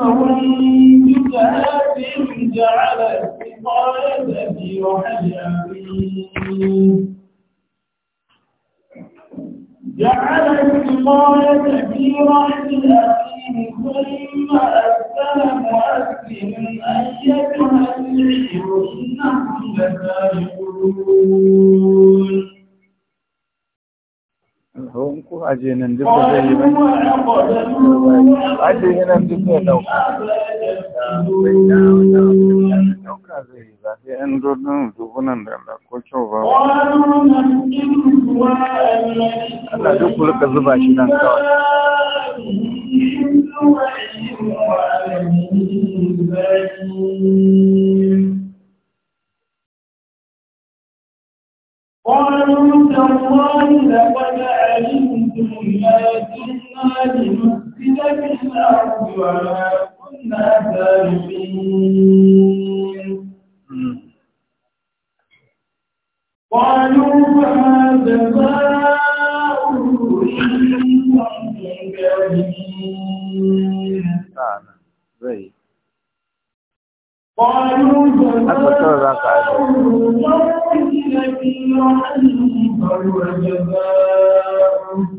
من ذهب جعل السقاية في رحل أخيه جعل السقاية في رحل أبيه ثم أسلم مؤذن أيتها العير إنهم لسارقون Ruwan ku aje nan duk da zai yi ba. Aje nan duk da ɗauka. Ɗauka zai yi ba sai ‘yan dodon dubunan da Allah ko kyau ba. Allah duk ku rika zuba shi nan kawai. قالوا تالله لقد جئنا لنفسد الأرض وما كنا سابقين قالوا فهذا باء إن كنتم كاذبين قالوا جزاؤه الله الذي يحيي فهو جزاؤه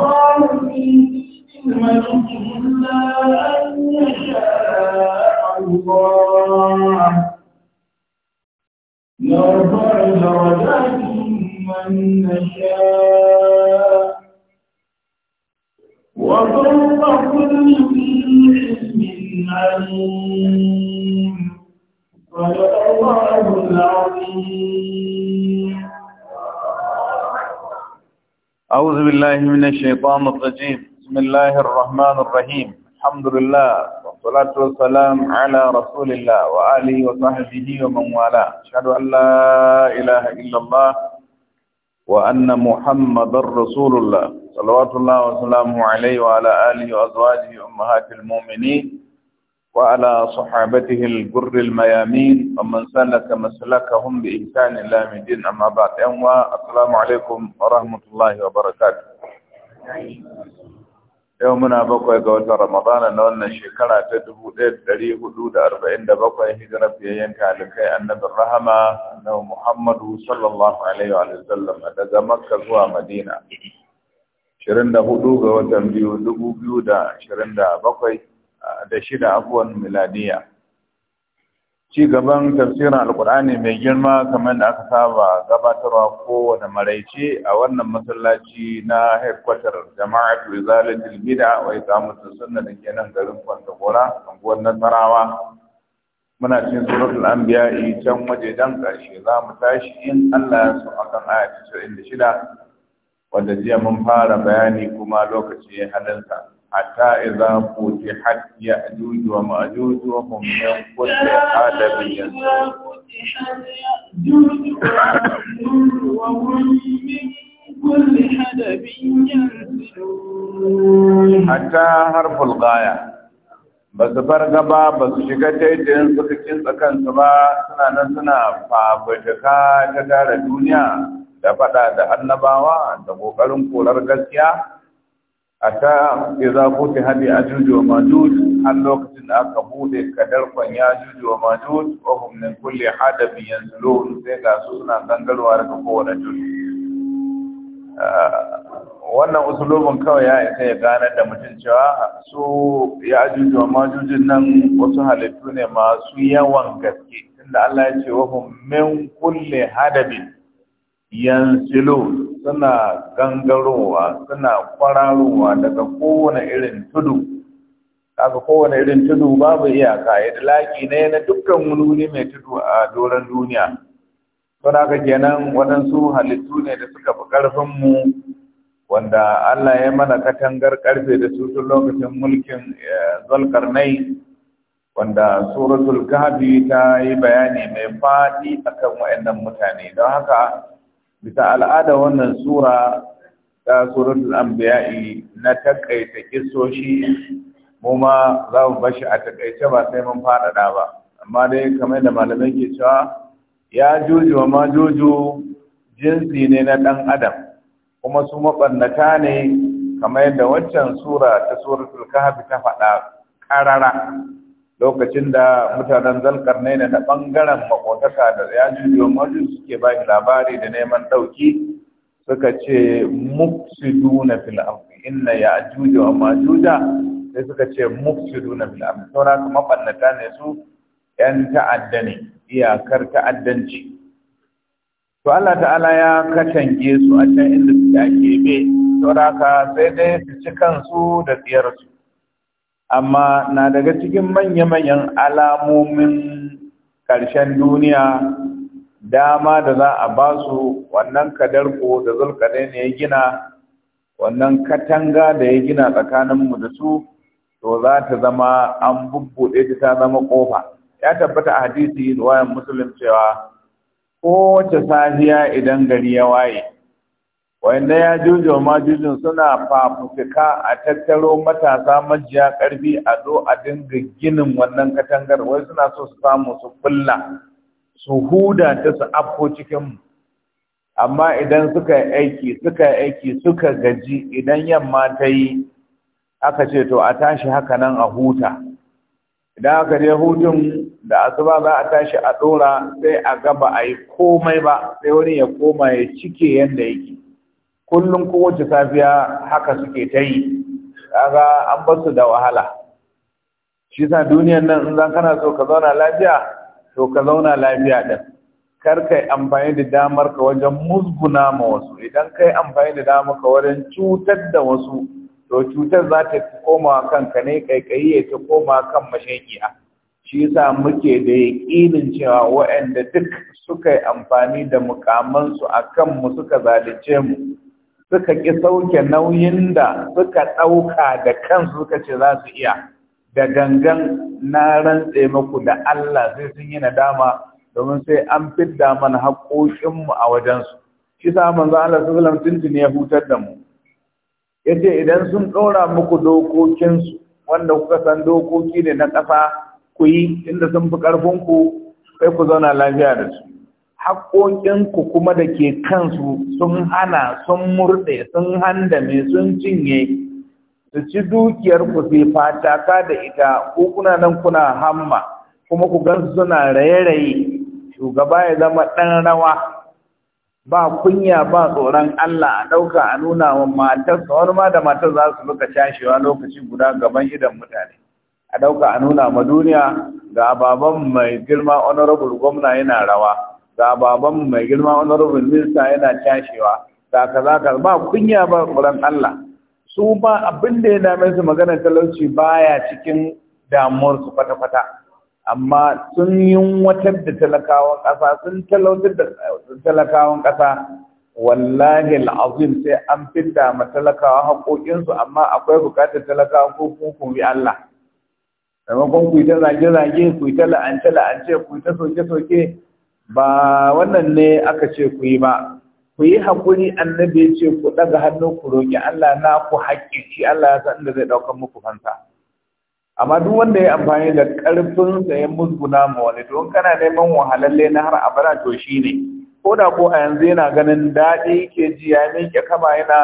الله نرفع درجات من نشاء وفوق كل ذي عليم الله العظيم أعوذ بالله من الشيطان الرجيم بسم الله الرحمن الرحيم الحمد لله والصلاة والسلام على رسول الله وآله وصحبه ومن والاه أشهد أن لا إله إلا الله وأن محمد رسول الله صلوات الله وسلامه عليه وعلى آله وأزواجه أمهات المؤمنين وعلى صحابته الجر الميامين ومن سلك مسلكهم بإحسان الله من دين أما بعد أنواع السلام عليكم ورحمة الله وبركاته yau muna bakwai ga watan ramadana na wannan shekara ta 1447 hijira biyayyen kalikai annabin rahama na muhammadu sallallahu alaihi wa sallam daga makka zuwa madina 24 ga watan biyu 2027 da shida abuwan miladiya ci gaban tafsirin alkur'ani mai girma kamar da aka saba gabatarwa kowane maraice a wannan masallaci na headquarter jama'at wizalatul bid'a wa iqamatu sunna da ke nan garin Kwantagora anguwar Nasarawa muna cin cikin suratul anbiya can waje dan karshe za mu tashi in Allah su a akan aya shida? wanda jiya mun fara bayani kuma lokaci ya halalta حتى إذا فتحت يأجوج ومأجوج وهم من كل عالم ينزلون حتى حرف ba su bar gaba ba su shiga daidai su cikin tsakansu ba suna nan suna fafutuka ta tara duniya da faɗa da annabawa da ƙoƙarin korar gaskiya ata idza futiha bi ajuj wa majuj har lokacin da aka bude kadarkon yajuj wa majuj wa hum min kulli hadab yanzulun sai ga su suna gangarwa daga kowane juju ah, wannan usulubin kawai ya isa ya gane da mutum cewa su yajuj wa majujin nan wasu halittu ne masu yawan gaske tunda Allah ya ce wa hum min kulli hadabin yansilu suna gangarowa suna kwararowa daga kowane irin tudu kaga kowane irin tudu babu iyaka yadda laki ne na dukkan wani mai tudu a doron duniya suna ga kenan waɗansu halittu ne da suka fi ƙarfinmu wanda Allah ya mana katangar ƙarfe da su lokacin mulkin eh, zulkarnai wanda suratul kahfi ta yi bayani mai faɗi akan waɗannan mutane don haka bisa al'ada wannan sura ta suratul anbiya'i na takaita kissoshi mu ma za mu bashi a takaice ba sai mun faɗaɗa ba amma dai kamar da malamai ke cewa ya juju ma juju jinsi ne na ɗan adam kuma su maɓannata ne kamar yadda waccan sura ta suratul kahf ta faɗa ƙarara lokacin da mutanen ne na bangaren makotaka da da maju suke ba shi labari da neman dauki suka ce mufsiduna fil ardi inna ya'juju wa majuja sai suka ce mufsiduna fil ardi saura kuma bannata ne su yan ta'adda ne iyakar ta'addanci to Allah ta'ala ya katange su a can inda suke ake be saura ka sai dai su ci kansu da tsiyarsu amma na daga cikin manya-manyan alamomin ƙarshen duniya dama da za a ba su wannan kadarko da zulkadai ne ya gina wannan katanga da ya gina tsakaninmu da su to za ta zama an bubbuɗe ta zama ƙofa ya tabbata a hadisi ruwayan musulun cewa kowace safiya idan gari ya waye wanda ya jujo ma jujun suna fafutuka a tattaro matasa majiya karfi a zo a dinga ginin wannan katangar wai suna so su samu su kulla su huda ta su afko cikin amma idan suka yi aiki suka yi aiki suka gaji idan yamma ta yi aka ce to a tashi haka nan a huta idan aka je hutun da asuba za a tashi a dora sai a gaba a yi komai ba sai wani ya koma ya cike yadda yake kullum kowace safiya haka suke ta yi kaga an basu da wahala shi sa duniyar nan in zan kana so ka zauna lafiya to ka zauna lafiya din kar kai amfani da damar ka wajen musguna ma wasu idan kai amfani da damar ka wajen cutar da wasu to cutar za ta koma kanka ne kai ya ta koma kan mashaƙiya shi yasa muke da yaƙinin cewa waɗanda duk suka yi amfani da mukamansu a mu suka zalice mu suka ƙi sauke nauyin da suka ɗauka da kansu suka ce za su iya da gangan na rantse muku da Allah sai sun yi nadama domin sai an fidda mana haƙoƙinmu a wajensu shi sa manzo Allah sallallahu alaihi ya hutar da mu yace idan sun ɗora muku dokokinsu wanda kuka san dokoki ne na ƙasa ku yi inda sun fi ƙarfinku sai ku zauna lafiya da su haƙoƙinku kuma da ke kansu sun hana sun murɗe sun handame sun cinye su ci dukiyarku sai fataka da ita ko kuna nan kuna hamma kuma ku gansu suna raye-raye shugaba ya zama ɗan rawa ba kunya ba tsoron Allah a ɗauka a nuna wa matarsa wani ma da matar za su luka cashewa lokaci guda gaban idan mutane a ɗauka a nuna ma duniya ga baban mai girma honorable gwamna yana rawa ga baban mai girma wani rubin minista yana cashewa ga kaza ka ba kunya ba kuran Allah su ba abin da ya dame su magana talauci baya cikin damuwar su kwata-kwata amma sun yi watar da talakawan ƙasa sun talautar da talakawan ƙasa wallahi al'azim sai an fidda ma talakawa haƙoƙinsu amma akwai buƙatar talakawa ko kuma bi Allah maimakon ku yi ta zage-zage ku yi ta la'ance-la'ance ku yi ta soke-soke ba wannan ne aka ce ku yi ba ku yi haƙuri annabi ya ce ku ɗaga hannu ku roƙi Allah na ku haƙƙi shi Allah ya san inda zai ɗaukar muku fansa. amma duk wanda ya amfani da ƙarfin sa ya musguna ma wani don kana neman wahalalle na har abada to shi ne ko da ko a yanzu yana ganin daɗi ke ji ya miƙe kama yana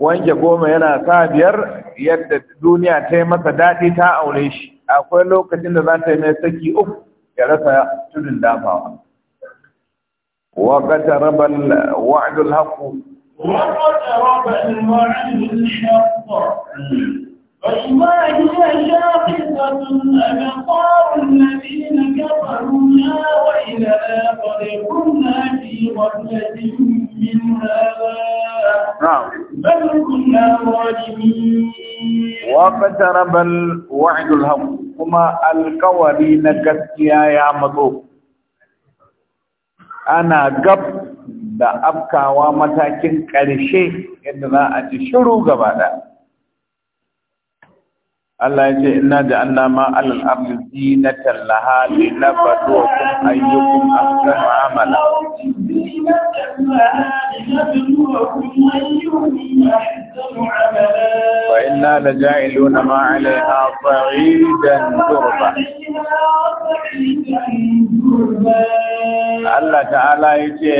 wanke goma yana sa biyar yadda duniya ta yi masa daɗi ta aure shi akwai lokacin da za ta yi mai saki uku ya rasa tudun dafawa وقت رب الوعد الحق وقترب الوعد الحق فإما هي شاخصة أبصار الذين كفروا لا وإلى قد كنا في غفلة من هذا نعم. بل كنا ظالمين وقترب الوعد الحق kuma alkawari na gaskiya ya matso ana gab da afkawa matakin ƙarshe inda za a ci shiru gaba ɗaya Allah ya ce ina inna ja'alna ma alal ardi zinatan laha linabluwakum ayyukum ahsanu amala wa inna laja'iluna ma a sa'idan turba Allah ta'ala ya ce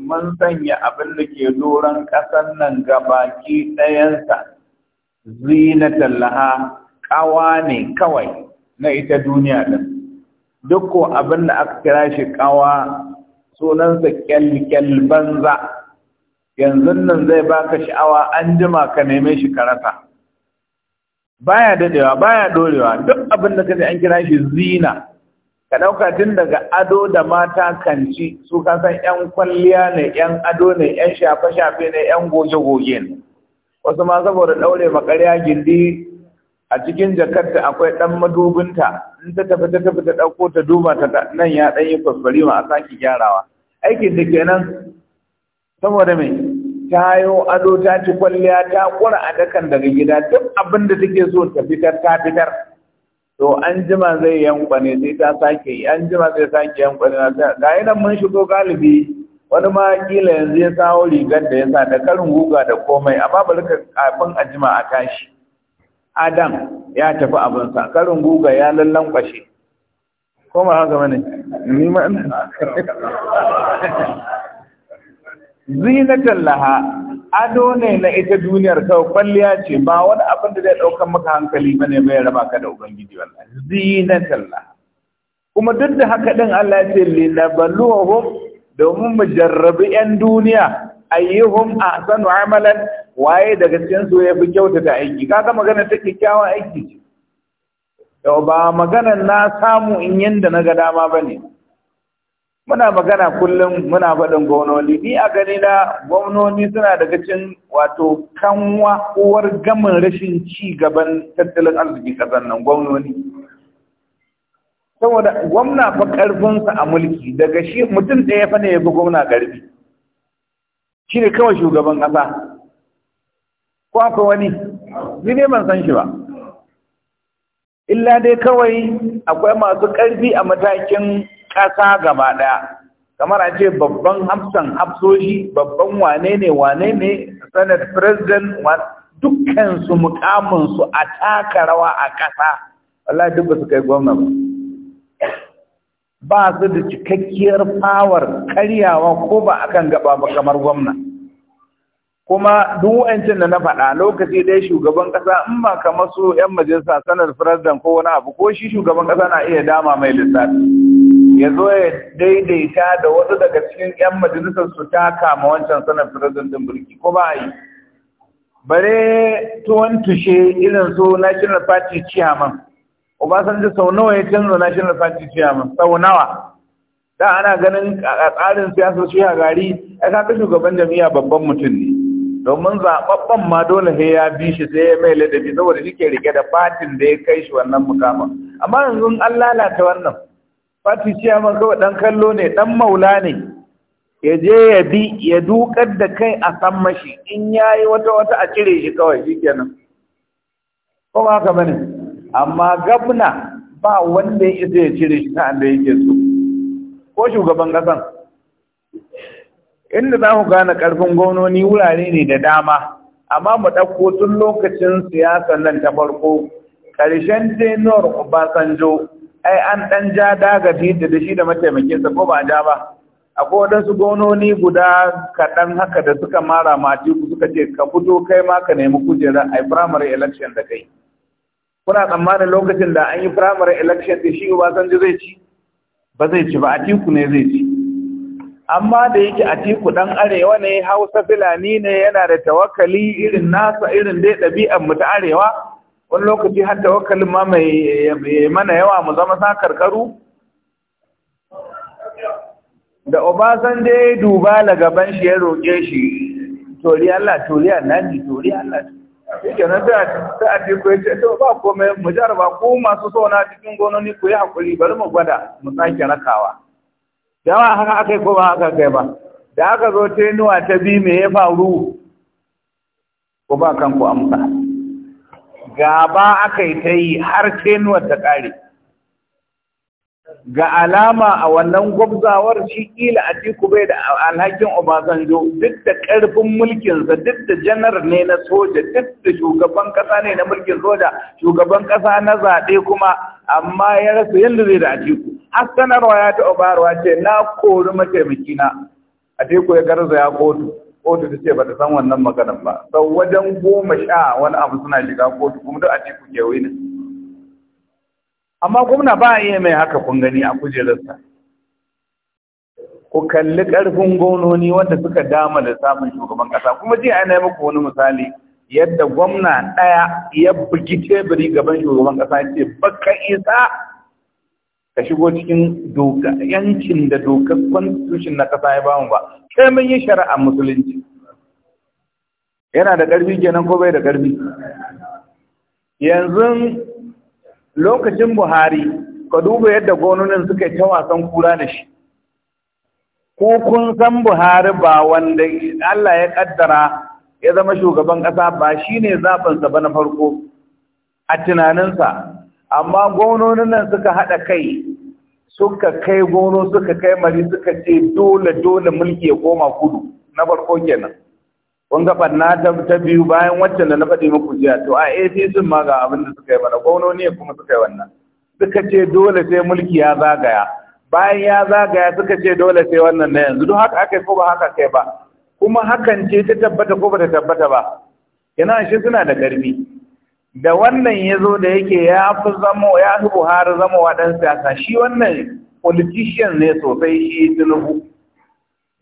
mun sanya abin da ke doron ƙasan nan ga baki ɗayansa zinatan laha kawa ne kawai na ita duniya din duk ko abin da aka kira shi kawa sunansa kyalkyal banza yanzu nan zai baka sha'awa an jima ka neme shi karasa baya dadewa baya dorewa duk abin da kaje an kira shi zina ka dauka tun daga ado da mata kanci su ka san yan kwalliya ne yan ado ne yan shafe shafe ne yan goge goge ne wasu ma saboda daure makarya gindi a cikin jakarta akwai ɗan madubinta in ta tafi ta tafi ta ɗauko ta duba ta nan ya ɗan yi kwasfari ma a sake gyarawa aikin da kenan saboda mai ta yo ado ta ci kwalliya ta ƙura a dakan daga gida duk abin da take so ta fitar ta fitar to an jima zai yankwa ne sai ta sake yi an jima zai sake yankwa ne ga yi nan mun shigo galibi wani ma kila yanzu ya sawo rigar da ya sa da karin guga da komai amma bari ka kafin a jima a tashi adam ya tafi abinsa karin guga ya lallan kwashe ko ma haka bane ni ma zinatan laha ado ne na ita duniyar kawai kwalliya ce ba wani abin da zai ɗaukar maka hankali ba ne bai raba ka da ubangiji wallahi zinatan laha kuma duk da haka din Allah ya ce ba domin mu jarrabi 'yan duniya ayyuhum ahsanu amalan waye daga cikin su yafi kyautata aiki kaga magana ta kyakkyawan aiki ce yau ba magana na samu in yanda na ga dama bane muna magana kullum muna faɗin gwamnoni ni a gani na gwamnoni suna daga cikin wato kanwa uwar gamin rashin ci gaban tattalin arziki kasan nan gwamnoni saboda gwamna fa karfinsa a mulki daga shi mutum ɗaya fa ne ya fi gwamna karfi shi ne kawai shugaban ƙasa ko akwai wani ni ne ban san shi ba illa dai kawai akwai masu ƙarfi a matakin ƙasa gaba ɗaya kamar a ce babban hafsan hafsoshi babban wane ne wane ne senate president dukkansu su a taka rawa a ƙasa Allah duk ba su kai gwamna ba ba su da cikakkiyar fawar karyawa ko ba a kan gaba ba kamar gwamna kuma duk wayancin da na faɗa lokaci dai shugaban ƙasa in ba kamar su 'yan majalisa sanar firazdan ko wani abu ko shi shugaban ƙasa na iya dama mai lissafi ya zo ya daidaita da wasu daga cikin 'yan majalisar su taka ma wancan sanar firazdan din birki ko ba yi bare tuwon tushe irin su national party chairman Obasanjo sau nawa ya canza National Party Chairman sau nawa da ana ganin a tsarin siyasar shi a gari ya kaga shugaban jami'a babban mutum ne domin zaɓaɓɓen ma dole sai ya bi shi sai ya mai ladabi saboda shi ke rike da fatin da ya kai shi wannan mukamin amma yanzu an lalata wannan fati ciyaman kawai ɗan kallo ne ɗan maula ne ya je ya bi ya dukar da kai a san mashi in ya yi wata wata a cire shi kawai shi kenan ko ba haka amma gabna ba wanda ya isa ya cire shi sa'an da yake so ko shugaban ƙasan inda za ku gane ƙarfin gwamnoni wurare ne da dama amma mu ɗauko tun lokacin siyasar nan ta farko ƙarshen tenor obasanjo ai an ɗan ja dagafi da shi da mataimakinsa ko ba ja ba akwai waɗansu gononi guda kaɗan haka da suka mara mati suka ce ka fito kai ma ka nemi kujera a primary election da kai kuna tsammanin lokacin da an yi primary election da shi Obasanjo zai ci ba zai ci ba Atiku ne zai ci amma da yake Atiku dan arewa ne Hausa filani ne yana da tawakkali irin nasa irin dai ɗabi'ar mu ta arewa wani lokaci har tawakkalin ma mai mana yawa mu zama sa karkaru da Obasanjo ya duba daga ban shi ya roƙe shi tori Allah tori Allah ni Allah shi ke nan sai a ko ya ce to ba komai mu jarraba ko masu sauna cikin gononi ko yi haƙuri bari mu gwada mu sake rakawa dama haka aka yi ko ba haka kai ba da aka zo nuwa ta bi me ya faru ko ba kanku amsa gaba aka yi ta yi har nuwa ta ƙare ga alama a wannan gwabzawar shi kila a bai da alhakin obasanjo duk da ƙarfin mulkinsa duk da janar ne na soja duk da shugaban ƙasa ne na mulkin soja shugaban ƙasa na zaɓe kuma amma ya rasa yadda zai da a tiku har ya ta obarwa ce na kori mataimakina a teku ya garza ya kotu kotu ta ce ba ta san wannan maganar ba sau wajen goma sha wani abu suna shiga kotu kuma da a teku ke amma gwamna ba a iya mai haka kun gani a kujerarsa ku kalli ƙarfin gononi wanda suka dama da samun shugaban ƙasa kuma jiya ana yi muku wani misali yadda gwamna ɗaya ya bugi teburi gaban shugaban ƙasa ce baka isa ka shigo cikin doka yankin da dokar constitution na ƙasa ya bamu ba sai mun yi shari'a musulunci yana da ƙarfi kenan ko bai da ƙarfi yanzu lokacin buhari ka duba yadda gononin suka yi ta wasan kura da shi ko kun san buhari ba wanda allah ya kaddara ya zama shugaban ƙasa ba shine ne zaɓinsa ba na farko a tunaninsa amma gonunan nan suka haɗa kai suka kai gono suka kai mari suka ce dole dole mulki ya koma kudu na farko kenan kun ga barna ta biyu bayan waccan da na faɗi muku jiya to a APC ma ga abin da suka yi mana ne kuma suka yi wannan suka ce dole sai mulki ya zagaya bayan ya zagaya suka ce dole sai wannan na yanzu duk haka aka yi ko ba haka kai ba kuma hakan ce ta tabbata ko ba ta tabbata ba yana shi suna da ƙarfi da wannan ya zo da yake ya fi zamo ya fi Buhari zama ɗan siyasa shi wannan politician ne sosai shi Tinubu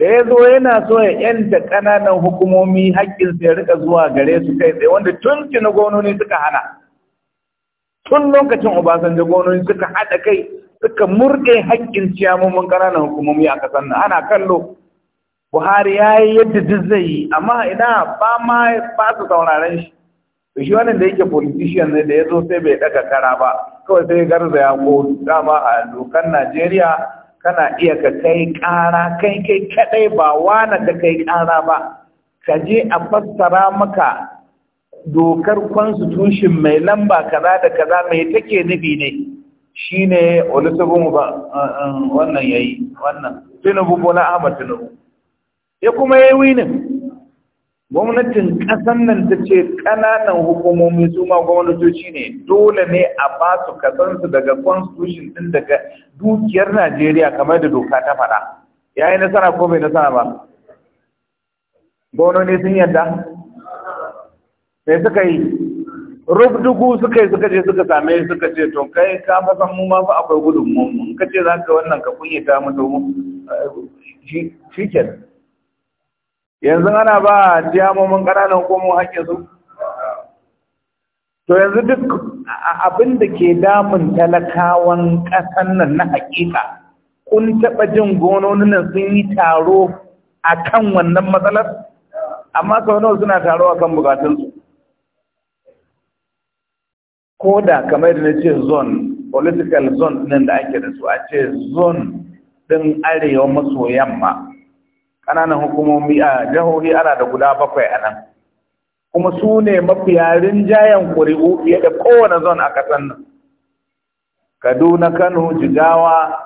da ya zo yana so ya yanta ƙananan hukumomi haƙƙinsa ya rika zuwa gare su kai tsaye wanda tun na gononi suka hana tun lokacin obasanjo gononi suka haɗa kai suka murɗe haƙƙin ciyamomin ƙananan hukumomi a ƙasar nan ana kallo buhari ya yi yadda duk zai yi amma ina ba ma ba su sauraren shi to shi wannan da yake politician ne da ya zo sai bai ɗaga kara ba kawai sai garza ya ko dama a dokan najeriya kana iya ka kai ƙara kai kai kaɗai ba wana ka kai ƙara ba ka je a fassara maka dokar constitution mai lamba kaza da kaza mai take nufi ne ne olusogun ba uh, uh, wannan yi wannan tinubu bola ahmad tinubu ya kuma yayi winin gwamnatin ƙasan nan ta ce ƙananan hukumomi su ma gwamnatoci ne dole ne a ba su kasansu daga constitution din daga dukiyar najeriya kamar da doka ta faɗa ya yi nasara ko bai nasara ba gwamnoni sun yadda sai suka yi rubdugu suka yi suka je suka same suka ce to kai ka fasan mu ma fa akwai gudunmu in ka ce za ka wannan ka kunyata mu domin shi kenan yanzu ana ba jamomin ƙananan komo su. to yanzu duk abin da ke damun talakawan ƙasan nan na haƙiƙa kun taɓa jin gononin sun yi taro a kan wannan matsalar amma sau nawa suna taro a kan bukatunsu ko da kamar da na ce zone political zone nan da ake da su a ce zone ɗin arewa maso yamma ƙananan hukumomi a jihohi ana da guda bakwai a nan kuma su ne mafiya rinjayen ƙuri'u fiye da kowane zon a ƙasar nan kaduna kano jigawa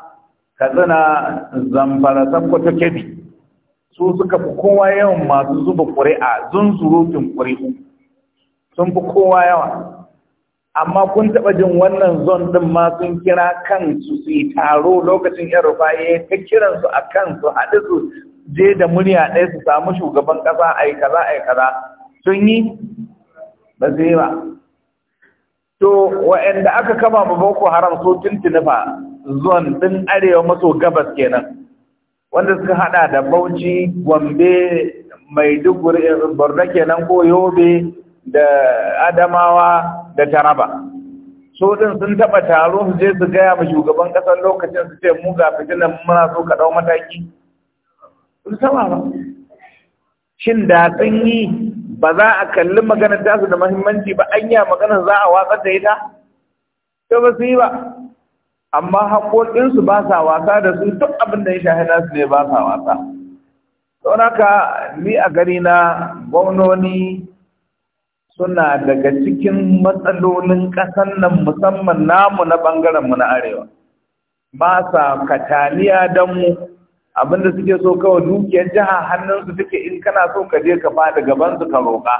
katsina zamfara sakkwato kebbi su suka fi kowa yawan masu zuba ƙuri'a zunzurutun ƙuri'u sun fi kowa yawa amma kun taɓa jin wannan zon ɗin ma sun kira kansu su yi taro lokacin yan rufaye ta kiransu a kansu haɗu su je da murya ɗaya su samu shugaban ƙasa a yi kaza a yi kaza sun yi ba zai ba to wa'anda aka kama ba boko haram so tuntuni ba zuwan ɗin arewa maso gabas kenan wanda suka haɗa da bauchi gombe maiduguri borno kenan ko yobe da adamawa da taraba so din sun taɓa taro su je su gaya ma shugaban ƙasar lokacin su ce mu ga fitinan muna so ka ɗau mataki sama ba shin da sun ba za a kalli maganar tasu da mahimmanci ba anya maganar za a watsar da ita to ba su yi ba amma haƙoƙinsu ba sa wasa da su duk abin da ya shahi su ne ba sa wasa don haka ni a gari na gwamnoni suna daga cikin matsalolin ƙasan nan musamman namu na ɓangarenmu na arewa ba sa kataliya don mu abinda suke so kawai dukiyar jiha hannunsu suke in kana so ka je ka fada gaban su ka roƙa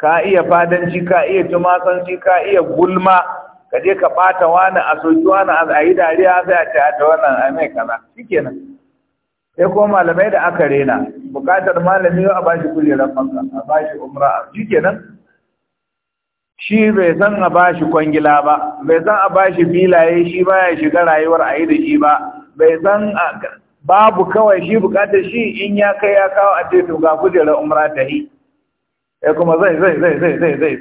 ka iya fadanci ka iya tumasanci ka iya gulma ka je ka bata wani a soki wani a yi dariya sai a ce a ta wannan a mai kaza shikenan sai ko malamai da aka rena bukatar malami a bashi kujerar fanka a bashi umra shikenan shi bai san a ba shi kwangila ba bai san a ba shi filaye shi baya shiga rayuwar a yi da shi ba bai san babu kawai shi bukatar shi in ya kai ya kawo a ce to ga kujerar umra ta yi ya eh, kuma zai zai zai zai zai zai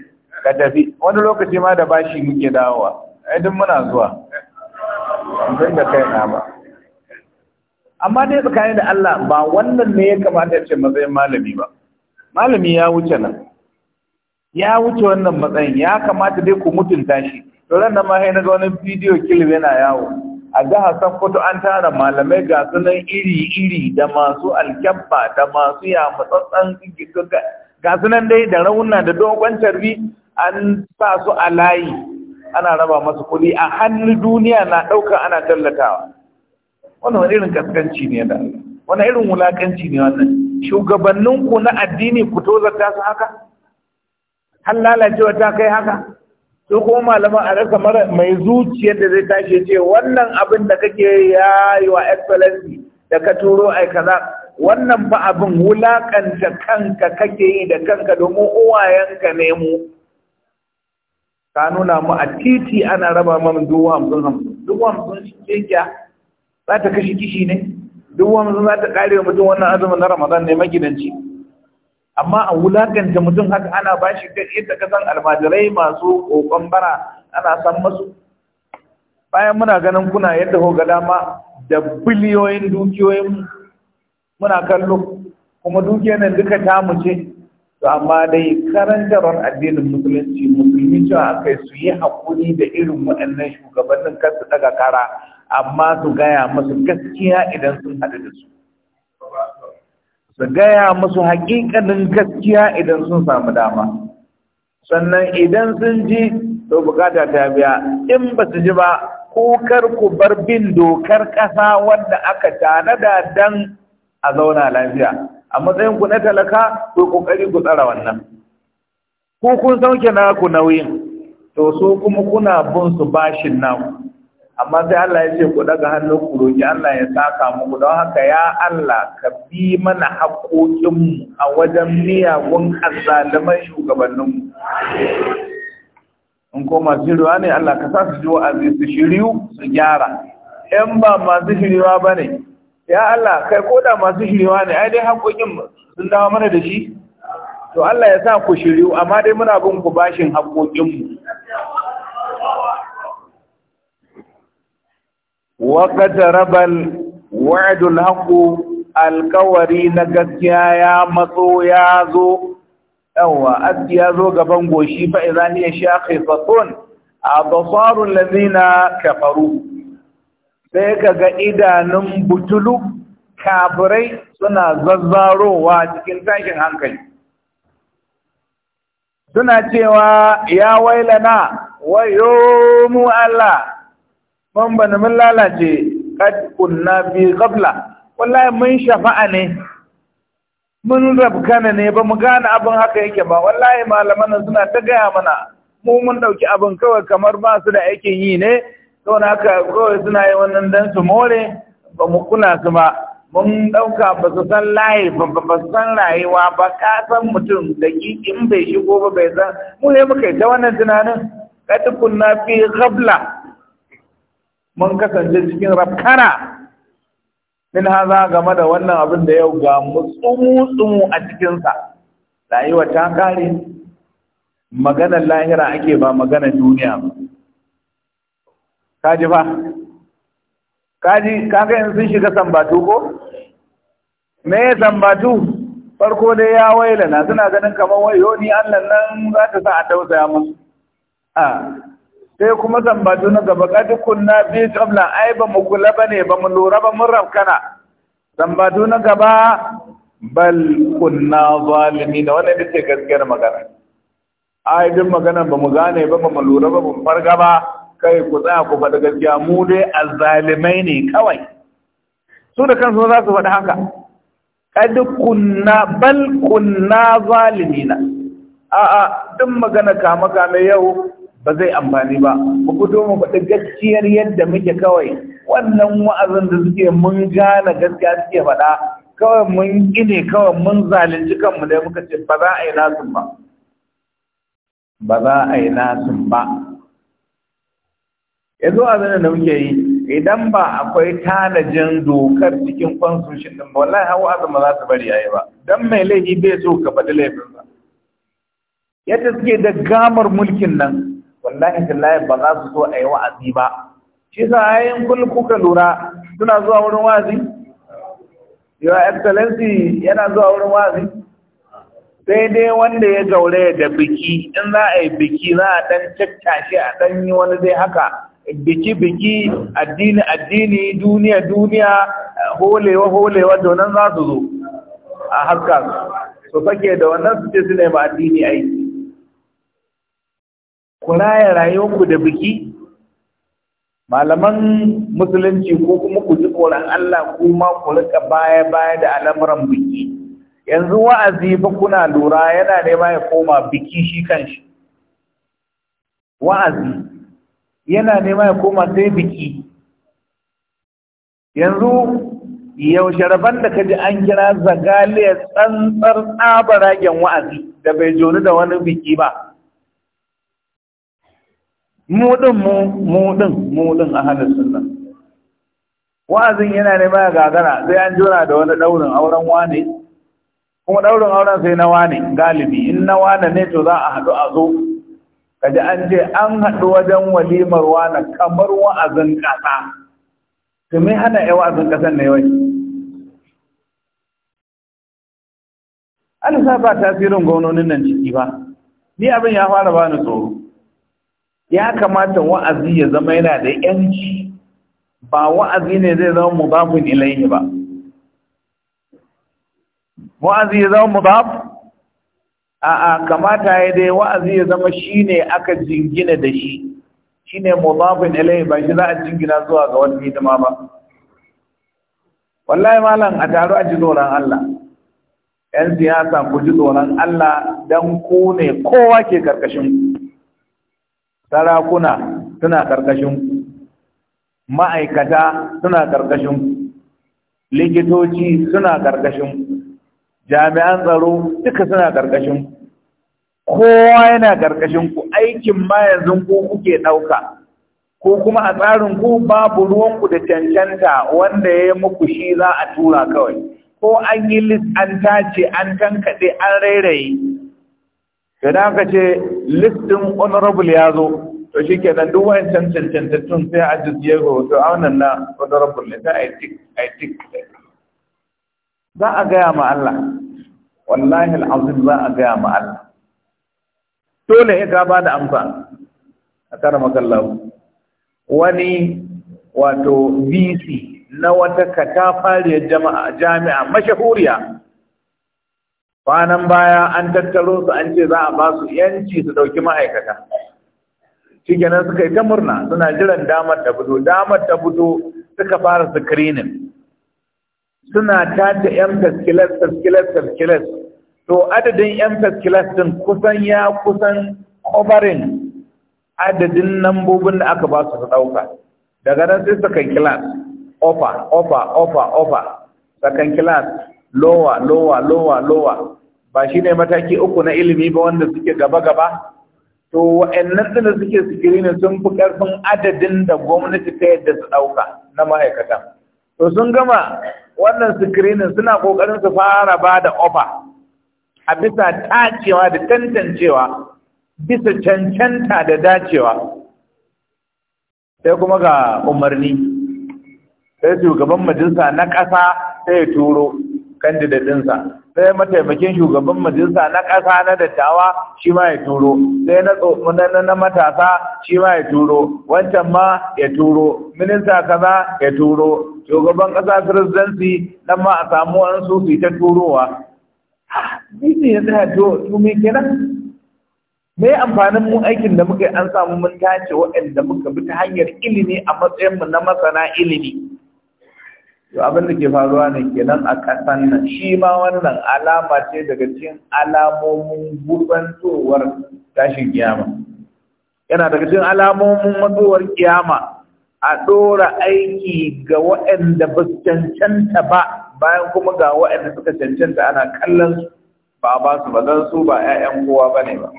ka tafi wani lokaci ma da bashi muke dawowa ai duk muna zuwa Zan da kai na ba amma dai tsakanin da Allah ba wannan ne ya kamata ya ce matsayin malami ba malami ya wuce nan ya wuce wannan matsayin ya kamata dai ku mutunta shi to ran nan ma sai na ga wani bidiyo kilib yana yawo a jiha sakkwato an tara malamai ga sunan iri-iri da masu alkyabba da masu yamatsatsan ga sunan dai da rauna da dogon tarbi an sa su a layi ana raba masu kuɗi a hannun duniya na ɗauka ana tallatawa wani wani irin kaskanci ne da wani irin wulakanci ne wannan shugabanninku na addini ku ta su haka har lalacewa ta kai haka su kuma malama a rasa mai zuciyar da zai tashi ce wannan abin da kake ya yi wa excellency da ka turo ai kaza wannan ba abin wulakanta kanka kake yi da kanka domin uwayenka ne mu ka nuna mu a titi ana raba mamu dubu hamsin hamsin dubu hamsin kya za ta kashe kishi ne Duk hamsin za ta kare mutum wannan azumin na ramadan ne magidanci amma a wulakanta mutum haka ana ba shi yadda ka san almajirai masu kokon bara ana san masu bayan muna ganin kuna yadda ho ga dama da biliyoyin dukiyoyin muna kallo kuma dukiyar nan duka ta ce to amma dai ran addinin musulunci musulmi cewa aka su yi hakuri da irin waɗannan shugabannin kar su daga kara amma su gaya masu gaskiya idan sun haɗu da su su gaya musu haƙiƙanin gaskiya idan sun samu dama sannan idan sun ji to bukata ta biya in ba su ji ba ko kar ku bar bin dokar ƙasa wanda aka tanada dan a zauna lafiya a matsayin ku na talaka to kokari ku tsara wannan ko kun sauke naku nauyin to so kuma kuna bin su bashin naku amma sai Allah ya ce ku daga hannun ku roki Allah ya saka muku don haka ya Allah ka bi mana haƙoƙinmu a wajen miyagun azzaluman shugabanninmu in ko masu shiriwa ne Allah ka sa su ji wa'azi su shiriyu su gyara in ba masu shiriwa ba ne ya Allah kai ko da masu shiriwa ne ai dai haƙoƙin sun dawo mana da shi to Allah ya sa ku shiriyu amma dai muna bin ku bashin haƙoƙinmu وقد ربل وعد الحق alkawari na gaskiya ya matso ya zo yawa aski ya zo gaban goshi fa idan ya sha khifatun absarul ladina kafaru sai kaga idanun butulu kafirai suna zazzarowa cikin tashin hankali suna cewa ya wailana wayo mu Allah man bana mun lalace qad kunna bi qabla wallahi mun shafa'a ne mun rabkana ne ba mu gane abin haka yake ba wallahi malaman suna ta gaya mana mu mun dauki abin kawai kamar ba su da aikin yi ne na haka kawai suna yi wannan dan su more ba mu kula su ba mun dauka ba su san layi ba ba su san rayuwa ba ka san mutum da in bai shigo ba bai san mu ne muka yi ta wannan tunanin kad kunna fi qabla mun kasance cikin rafkana min haza game da wannan abin da yau ga mu tsumu a cikinsa rayuwa ta kare maganar lahira ake ba maganar duniya kaji ba kaji kaga yanzu sun shiga sambatu ko me ya sambatu farko dai ya wailana suna ganin kamar wayo ni allah nan za ta sa a tausaya musu ah, sai kuma zambatu na gaba kadi kunna bi qabla ai ba mu kula bane ba mu lura ba mun rafkana zambatu na gaba bal kunna zalimin wannan ita gaskiyar magana ai duk magana ba mu gane ba ba mu lura ba mu farga ba kai ku tsaya ku faɗi gaskiya mu dai azzalimai ne kawai su da kansu za su faɗi haka kad kunna bal kunna zalimina a a duk magana kama kama yau ba zai amfani ba mu fito mu faɗi gaskiyar yadda muke kawai wannan wa'azin da suke mun gane gaskiya suke faɗa kawai mun gine kawai mun zalunci kanmu dai muka ce ba za a yi nasun ba ba za a yi nasun ba yanzu zanen da muke yi idan ba akwai tanajin dokar cikin kwansoshin ɗin ba wallahi hawa ba za su bari yayi ba dan mai laifi bai so ka faɗi laifinsa yadda suke da gamar mulkin nan wallahi billahi ba za su zo a yi wa'azi ba shi sa ayin kullum kuka lura suna zuwa wurin wa'azi your excellency yana zuwa wurin wa'azi sai dai wanda ya gaure da biki in za a yi biki za a dan caccashi a dan yi wani dai haka biki biki addini addini duniya duniya holewa holewa donan za su zo a haska su sake da wannan su ce su ne ba addini aiki ku raya rayuwarku da biki malaman musulunci ko kuma ku ji tsoron Allah ku ma ku rika baya baya da al'amuran biki yanzu wa'azi fa kuna lura yana nema ya koma biki shi kanshi wa'azi yana nema ya koma sai biki yanzu yaushe rabon da kaji an kira zagaliya tsantsar tsabaragen wa'azi da bai joni da wani biki ba mu ɗin mu mu ɗin mu a ahlus sunna wa'azin yana ne ba gagara sai an jura da wani daurin auren wane kuma daurin auren sai na wane galibi in na wane ne to za a haɗu a zo kaji an ce an haɗu wajen walimar wane kamar wa'azin ƙasa to me hana ya wa'azin ƙasan ne wai alisa ba tasirin gwanonin nan ciki ba ni abin ya fara bani tsoro ya kamata wa'azi ya zama yana da yanci ba wa'azi ne zai zama mudafin ilayhi ba wa'azi ya zama mudaf a'a kamata ya dai wa'azi ya zama shine aka jingina da shi shine mudafin ilayhi ba shi za a jingina zuwa ga wani hidima ba wallahi malam a taro a ji tsoron Allah yan siyasa ku ji tsoron Allah dan ku ne kowa ke karkashin ku sarakuna suna ƙarƙashin ku ma'aikata suna ƙarƙashin likitoci suna ƙarƙashin jami'an tsaro duka suna ƙarƙashin kowa yana ƙarƙashin ku aikin ma yanzu ku kuke ɗauka ko kuma a tsarin ku babu ruwanku da cancanta wanda ya yi muku shi za a tura kawai ko an yi an tace an tankaɗe an rairaye idan aka ce listin honorable ya zo to shi ke nan duk wancan cancantattun sai a jujjiyar ga wato aunan na honorable ne sai a yi tik za a gaya ma Allah wallahi al'azim za a gaya ma Allah dole ya gaba da amsa a kara kallahu wani wato vc na wata katafariyar jami'a mashahuriya kwanan baya an tattaro su an ce za a ba su yanci su ɗauki ma'aikata shi kenan suka yi ta murna suna jiran damar ta fito damar ta fito suka fara screening suna tace yan taskilas taskilas taskilas to adadin yan taskilas din kusan ya kusan covering adadin lambobin da aka ba su su ɗauka daga nan sai sakan kilas ofa ofa ofa ofa sakan kilas lowa lowa lowa lowa ba shi ne mataki uku na ilimi ba wanda suke gaba-gaba to wa'annan da suke sikirini sun fi ƙarfin adadin da gwamnati ta yadda su ɗauka na ma'aikata to sun gama wannan sikirinin suna ƙoƙarin su fara ba da ofa a bisa tacewa da tantancewa bisa cancanta da dacewa sai kuma ga umarni sai shugaban majalisa na ƙasa sai ya turo candidate dinsa, sai mataimakin shugaban majalisa na ƙasa na dattawa shi ma ya turo sai na na matasa shi ma ya turo wancan ma ya turo minista kaza ya turo shugaban ƙasa presidency nan ma a samu an su ta turowa ne ya tsaya to me kenan me amfanin mu aikin da muka yi an samu mun tace waɗanda muka bi ta hanyar ilimi a matsayin mu na masana ilimi to abin da ke faruwa ne kenan a kasan nan shi ma wannan alama ce daga cikin alamomin gurɓantowar tashin kiyama yana daga cikin alamomin matsowar kiyama a ɗora aiki ga waɗanda ba su cancanta ba bayan kuma ga waɗanda suka cancanta ana kallon su ba ba su ba zan su ba 'ya'yan kowa ba ne ba.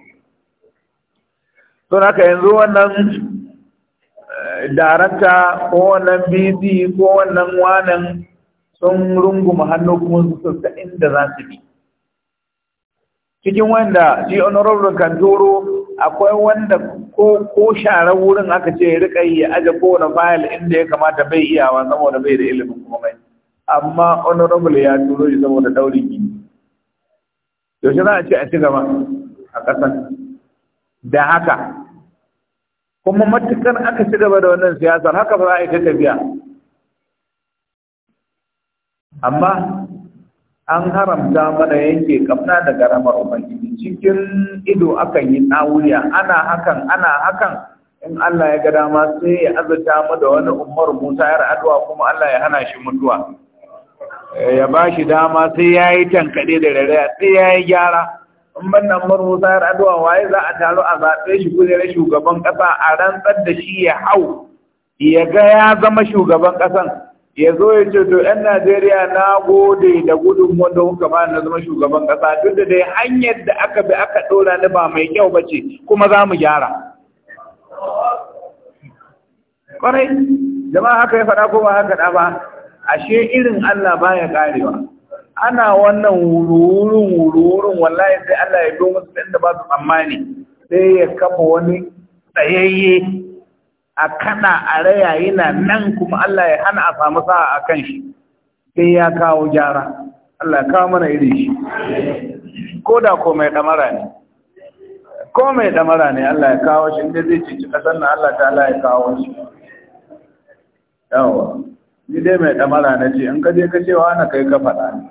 Don haka yanzu wannan Darata ko wannan bd ko wannan wanan sun runguma hannu kuma su sassa inda za su bi cikin wanda shi honorable kantoro akwai wanda ko ko wurin aka ce rika yi ya aje kowane fayil inda ya kamata bai iyawa saboda bai da ilimin mai amma honorable ya turo shi saboda daurin gini yaushe za a ce a ci gaba a ƙasar da haka kuma matukar aka ci gaba da wannan siyasar haka ba za a yi ta tafiya amma an haramta mana yanke kamna da garamar ubangiji cikin ido akan yi tsawuya ana hakan ana hakan in Allah ya ga dama sai ya azurta mu da wani umar Musa yar addu'a kuma Allah ya hana shi mutuwa eh, ya bashi dama sai ya yi tankade da rarraya sai ya yi gyara in bannan musa ya raduwa waye za a taru a zaɓe shi kujerar shugaban ƙasa a rantsar da shi ya hau ya ga ya zama shugaban ƙasan ya zo ya ce to 'yan najeriya na gode da gudun wanda kuka ba na zama shugaban ƙasa duk da dai hanyar da aka bi aka ɗora ni ba mai kyau ba ce kuma za mu gyara ƙwarai jama'a haka ya faɗa ko ba haka ɗa ba ashe irin allah baya ƙarewa ana wannan wuruwurin wuruwurin wallahi sai Allah ya biyo musu inda ba su tsammani sai ya kafa wani tsayayye a kana a raya yana nan kuma Allah ya hana a samu sa'a a kan shi sai ya kawo gyara Allah ya kawo mana iri shi ko da ko mai damara ne ko mai damara ne Allah ya kawo shi inda zai cici kasar na Allah ta Allah ya kawo shi yawa ni dai mai damara na ce in ka je ka cewa na kai ka faɗa ne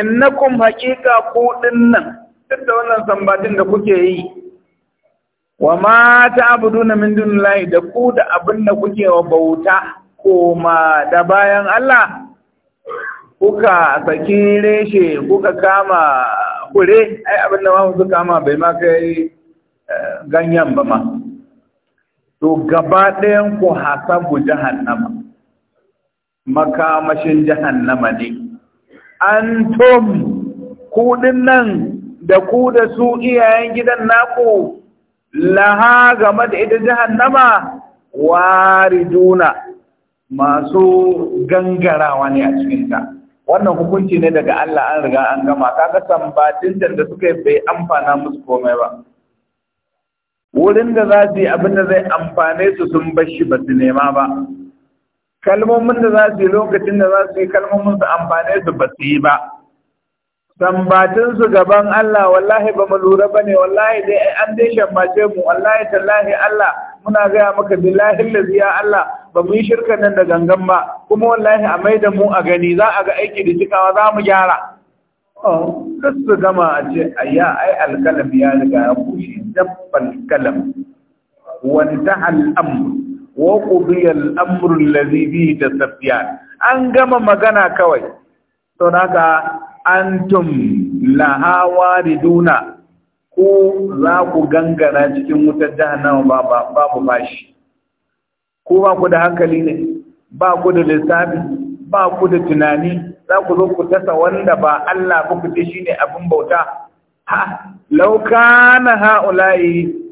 innakum haƙiƙa kuɗin nan duk da wannan sambatin da kuke yi wa ma duna min layi, da ku da abin da kuke wa bauta koma da bayan Allah kuka saki reshe kuka kama kure ai abin da ma su kama bai ma kai ganyen ba ma to gaba ɗayan ku hasabu nama. makamashin jahannama ne An antum kudin nan da ku da su iyayen gidan naku laha game da ita jahannama wariduna masu gangarawa ne a cikinta wannan hukunci ne daga Allah an riga an gama kaga sambatin da suka yi bai amfana musu komai ba wurin da za su yi abin da zai amfane su sun bar shi ba su nema ba kalmomin da za su yi lokacin da za su yi kalmomin su amfane su ba su yi ba sambatin su gaban Allah wallahi ba mu lura ba ne wallahi dai an dai shambace mu wallahi tallahi Allah muna gaya maka billahi lazi ya Allah ba mu yi shirka nan da gangan ba kuma wallahi a maida mu a gani za a ga aiki da cikawa za mu gyara oh su gama a ce ayya ai alkalam ya riga ya kushe dabbal kalam ta al'amu wa qudiya al-amru alladhi an gama magana kawai to daga antum laha wariduna ko za ku gangara cikin wutar jahannama ba babu bashi ko ba ku da hankali ne ba ku da lissafi ba ku da tunani za ku zo ku tasa wanda ba Allah ba ku ce shine abin bauta ha law kana ha'ula'i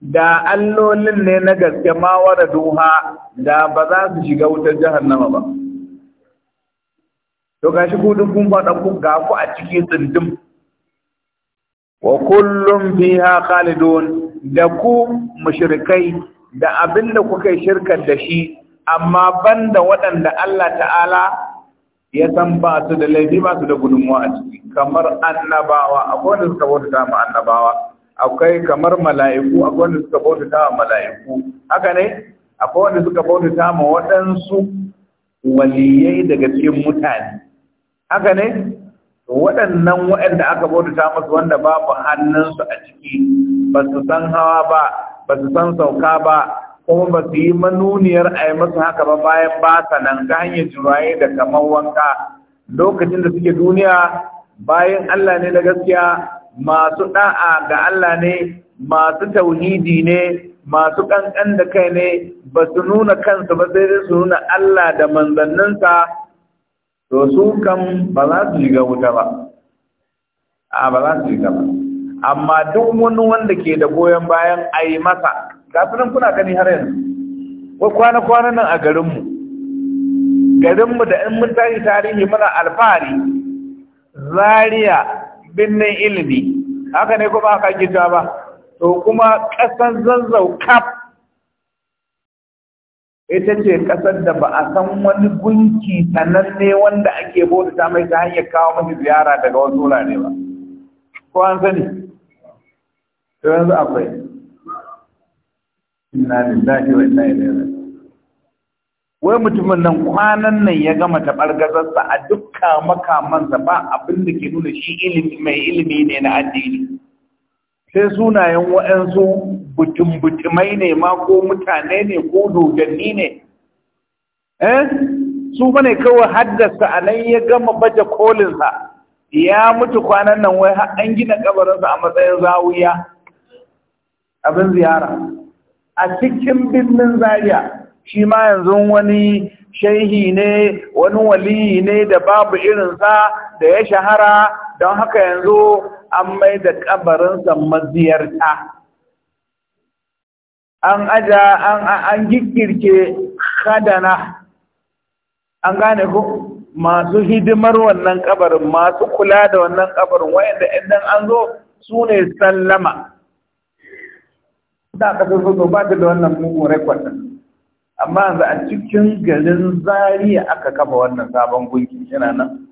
da allolin ne na gaske ma wara duha da ba za su shiga wutar jahannama ba to gashi ku duk kun faɗa ku ga ku a cikin tsindin wa kullum fiha khalidun da ku mushrikai da abinda kuka yi shirka da shi amma banda waɗanda Allah ta'ala ya san ba su da laifi ba su da gudunmuwa a ciki kamar annabawa akwai wanda suka bauta ma annabawa akwai kamar mala'iku akwai wanda suka bautata wa mala'iku haka ne akwai wanda suka bautata ma waɗansu waliyai daga cikin mutane haka ne waɗannan waɗanda aka bautata musu wanda babu hannunsu a ciki ba su san hawa ba ba su san sauka ba kuma ba su yi manuniyar a yi masu haka ba bayan ba nan ta hanyar jiraye da kamar wanka lokacin da suke duniya bayan Allah ne na gaskiya masu da'a ga Allah ne masu tauhidi ne masu kankan da kai ne ba su nuna kansu ba sai su nuna Allah da manzanninsa to su kan ba za su shiga wuta ba a ba za su shiga ba amma duk wani wanda ke da goyon bayan a yi masa kafin kuna gani har yanzu ko kwana-kwana nan a garinmu garinmu da in mun tashi tarihi mana alfahari zaria birnin ilimi haka ne kuma aka gita ba to kuma ƙasar zanzau kaf ita ce ƙasar da ba a san wani gunki sananne wanda ake bauta mai ta hanyar kawo mafi ziyara daga wasu wurare ba ko an sani to yanzu akwai inna lillahi wa inna ilaihi wai mutumin nan kwanan nan ya gama gazarsa a duk makamansa ba abin da ke nuna shi ilimi mai ilimi ne na addini sai sunayen waɗansu butum-butumai ne ma ko mutane ne ko doganni ne eh su bane kawai haddasa a nan ya gama baje kolinsa ya mutu kwanan nan wai an gina kabarinsa a matsayin zawiya abin ziyara a cikin birnin zaria shi ma yanzu wani shehi ne wani waliyi ne da babu irinsa da ya shahara don haka yanzu an mai da kabarinsa maziyarta an aja an gikirke hadana an gane ku masu hidimar wannan kabarin masu kula da wannan kabarin wayanda idan an zo su ne sallama da ka so ba da wannan mu rekwadin amma yanzu a cikin garin zariya aka kafa wannan sabon gunki yana nan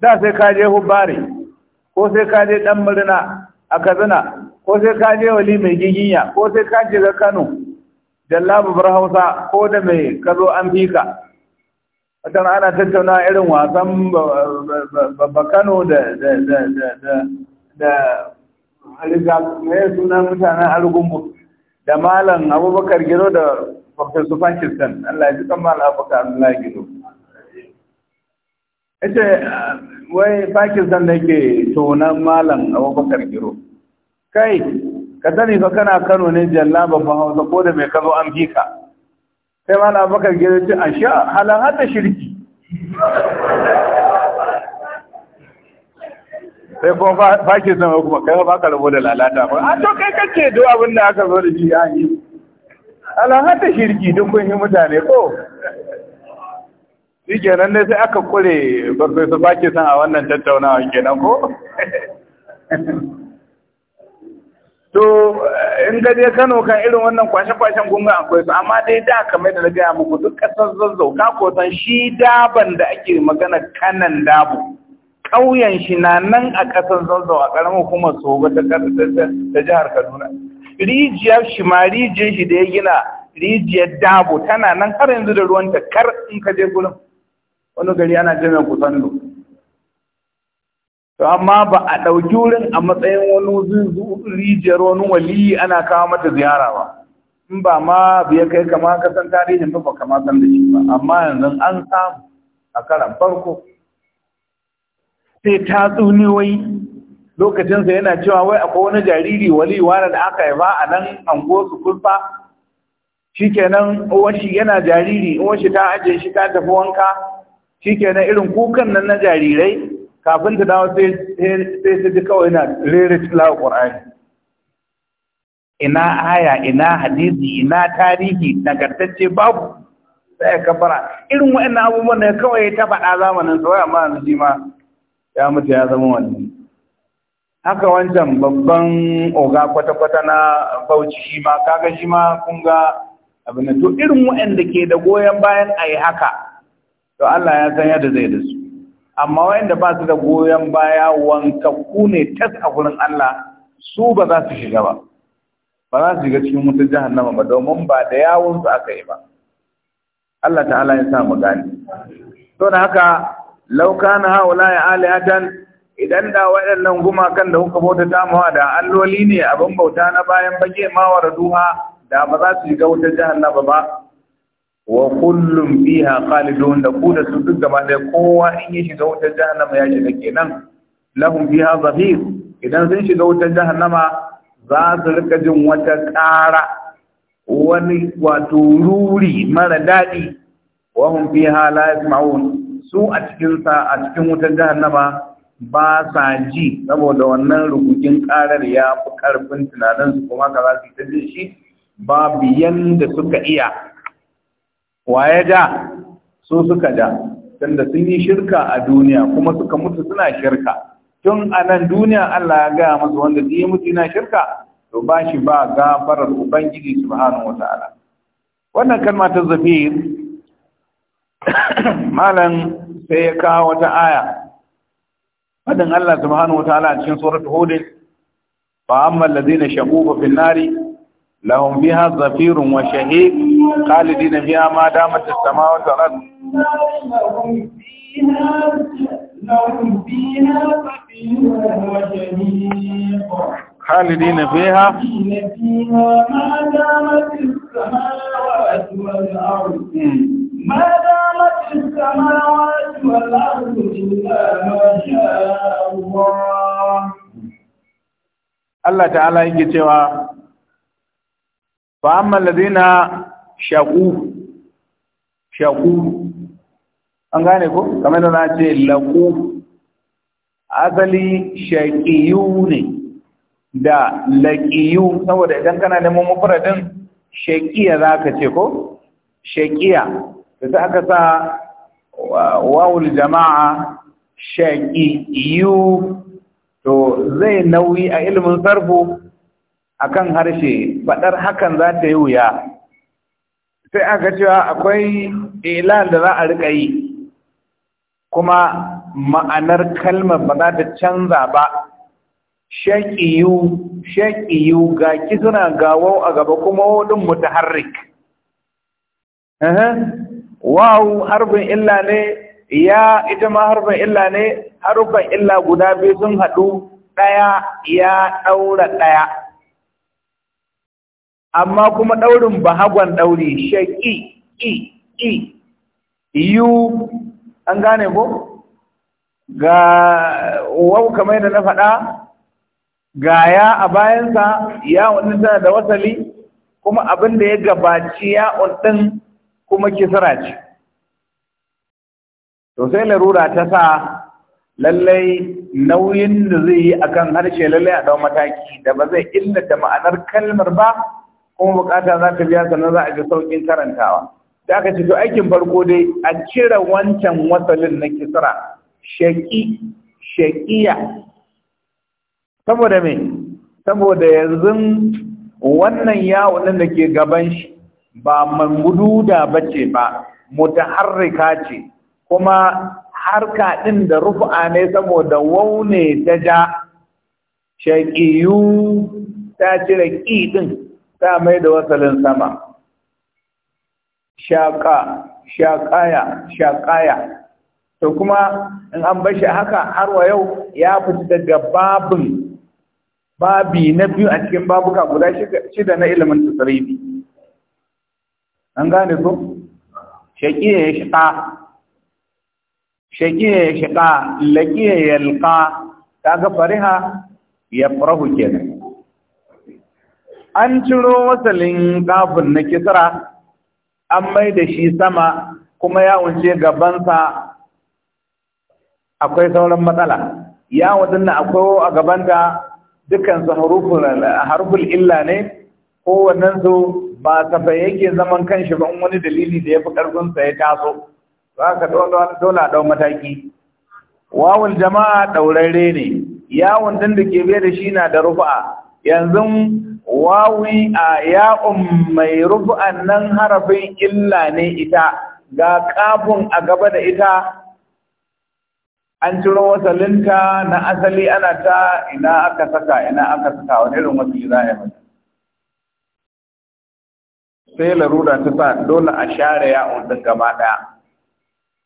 da sai ka je hubare ko sai ka je dan murna a kazina ko sai ka je wali mai giginya ko sai ka je ga kano da labu hausa ko da mai kazo an fika wata ana tattauna irin wasan babba kano da da da da da da mai sunan mutanen argungu da malam abubakar giro da Dr. Sufan Kirtan, Allah ji kan malam abubakar Allah gido. Ita wai Pakistan da ke tonan malam abubakar giro. Kai, ka sani fa kana Kano ne jalla babban Hausa ko da mai Kano an fi ka. Sai malam abubakar giro ce, a sha halan hata shirki. sai ko ba ke zama kuma kai ba ka rabo da lalata ba a to kai kace do abin da aka zo da shi an yi ta shirki duk kun yi mutane ko shi kenan ne sai aka kure bakwai su ba ke san a wannan tattaunawa kenan ko to in ga dai Kano kan irin wannan kwashe-kwashen gunga akwai su amma dai da kamar da na gaya muku duk kasar zazzau ka ko san shi daban da ake magana kanan dabu ƙauyen shi na nan a ƙasar zanzan a ƙaramin hukumar soba ta jihar kaduna rijiyar shi ma rijiyar shi da ya gina rijiyar dabo tana nan har yanzu da ruwan ta in ka je gurin wani gari ana jami'a kusan do to amma ba a ɗauki wurin a matsayin wani rijiyar wani waliyi ana kawo mata ziyara ba in ba ma biya kai kama ka san tarihin ba ba kama san da shi ba amma yanzu an samu a karan farko sai ta wai lokacinsa yana cewa wai akwai wani jariri wali wani da aka haifa a nan ango su kulfa shikenan uwar yana jariri uwar ta ajiye shi ta tafi wanka shikenan irin kukan nan na jarirai kafin ta dawo sai su ji kawai na rere tilawa qur'ani ina aya ina hadisi ina tarihi nagartacce babu sai ya kafara irin waɗannan abubuwan da kawai ta faɗa zamanin sauya ma amma yanzu ma ya mutu ya zama wani haka wancan babban oga kwata-kwata na bauchi shi ma kaga shi ma kunga abin da to irin waɗanda ke da goyon bayan a haka to Allah ya san yadda zai da su amma waɗanda ba su da goyon baya ku ne tas a gurin Allah su ba za su shiga ba ba za su shiga cikin wutar jahannama ba domin ba da yawansu aka yi ba Allah ta'ala ya sa mu gane to da haka lauka na haula ya alihatan idan da waɗannan gumakan da kuka bauta muwa da alloli ne abin bauta na bayan bage mawar duha da ba za su shiga wutar jahannama ba wa kullum fiha khalidun da kuda su duk gaba ɗaya kowa in ya shiga wutar jahannama ya shiga kenan lahum fiha zahir idan sun shiga wutar jahannama za su rika jin wata ƙara wani wato ruri mara daɗi wa hum fiha la yasma'un su a cikinsa a cikin wutar jahannama ba sa ji saboda wannan rugugin karar ya fi karfin tunaninsu kuma ka za su ta jin shi babu yanda suka iya waye da? su suka da. tunda sun yi shirka a duniya kuma suka mutu suna shirka tun a nan duniya Allah ya gaya masu wanda ya mutu yana shirka to ba shi ba gafarar ubangiji subhanahu wataala wannan kalma ta zafir malam sai ya kawo wata aya fadin Allah subhanahu ta'ala cikin surat hud fa ammal ladina shaqufa fil nari lahum biha zafirun wa shahid qalidin biha ma damat as-samawati wal ard خالدين فيها ما دامت السماوات والأرض ما دامت السماوات والأرض إلا ما شاء الله yake cewa fa amma ladina shaqu shaqu an gane ko kamar da na ce laqu asali shaƙiyu ne da laƙiyu. saboda idan kana neman mufradin shaqiya zaka ce ko Shaƙiya. da aka sa wawul jama'a yu to zai nauyi a ilimin sarfu A kan harshe baɗar hakan za ta yi wuya sai aka cewa akwai ilal da za a riƙa yi kuma ma'anar kalmar ba za ta canza ba shaƙiyu shaƙiyu ga ki suna gawo a gaba kuma wadin mutaharrik wawu harfin illa ne ya ita ma harfin illa ne harfin illa guda biyu sun haɗu ɗaya ya ɗaura ɗaya amma kuma ɗaurin bahagon ɗauri shaƙi ƙi ƙi yu an gane ko ga wau kamar yadda na faɗa ga ya a bayansa ya wani tana da wasali kuma abin da ya gabaci ya ɗin kuma kisra ce to sai larura ta sa lallai nauyin da zai yi akan harshe lallai a ɗau mataki da ba zai illata ma'anar kalmar ba kuma bukata za ta biya sannan za a ji saukin karantawa da aka ce to aikin farko dai a cire wancan wasalin na kisra shaƙi shaƙiya. saboda me saboda yanzu wannan yawon da ke gaban shi ba da bace ba mutaharrika ce kuma harka ɗin da rufu'a ne saboda waune ta ja shaƙiyu ta cire ƙi ɗin ta mai da wasalin sama shaƙa shaƙaya shaƙaya to kuma in an shi haka har wa yau ya fita daga babin babi na biyu a cikin babuka guda shida na ilimin tasarifi an gane ko shaqiya ya shiqa shaqiya ya ya laqiya ta ga fariha yafrahu kenan an ciro wasalin kafin na kisra an mai da shi sama kuma ya wuce gabansa akwai sauran matsala ya na akwai a gabanta su harufin illa ne su ba kafa yake zaman kanshi ba wani dalili da ya fi ƙarfinsa ya taso za ka dole a ɗau mataki wawul jama'a ɗaurarre ne yawon ɗin da ke bai da shi na da rufa yanzu wawi a ya'un mai rufu'a nan harafin illa ne ita ga kafin a gaba da ita an ciro wasalinta na asali ana ta ina aka saka ina aka saka wani irin wasu za a yi mata sai larura ta sa dole a share ya'un din gaba daya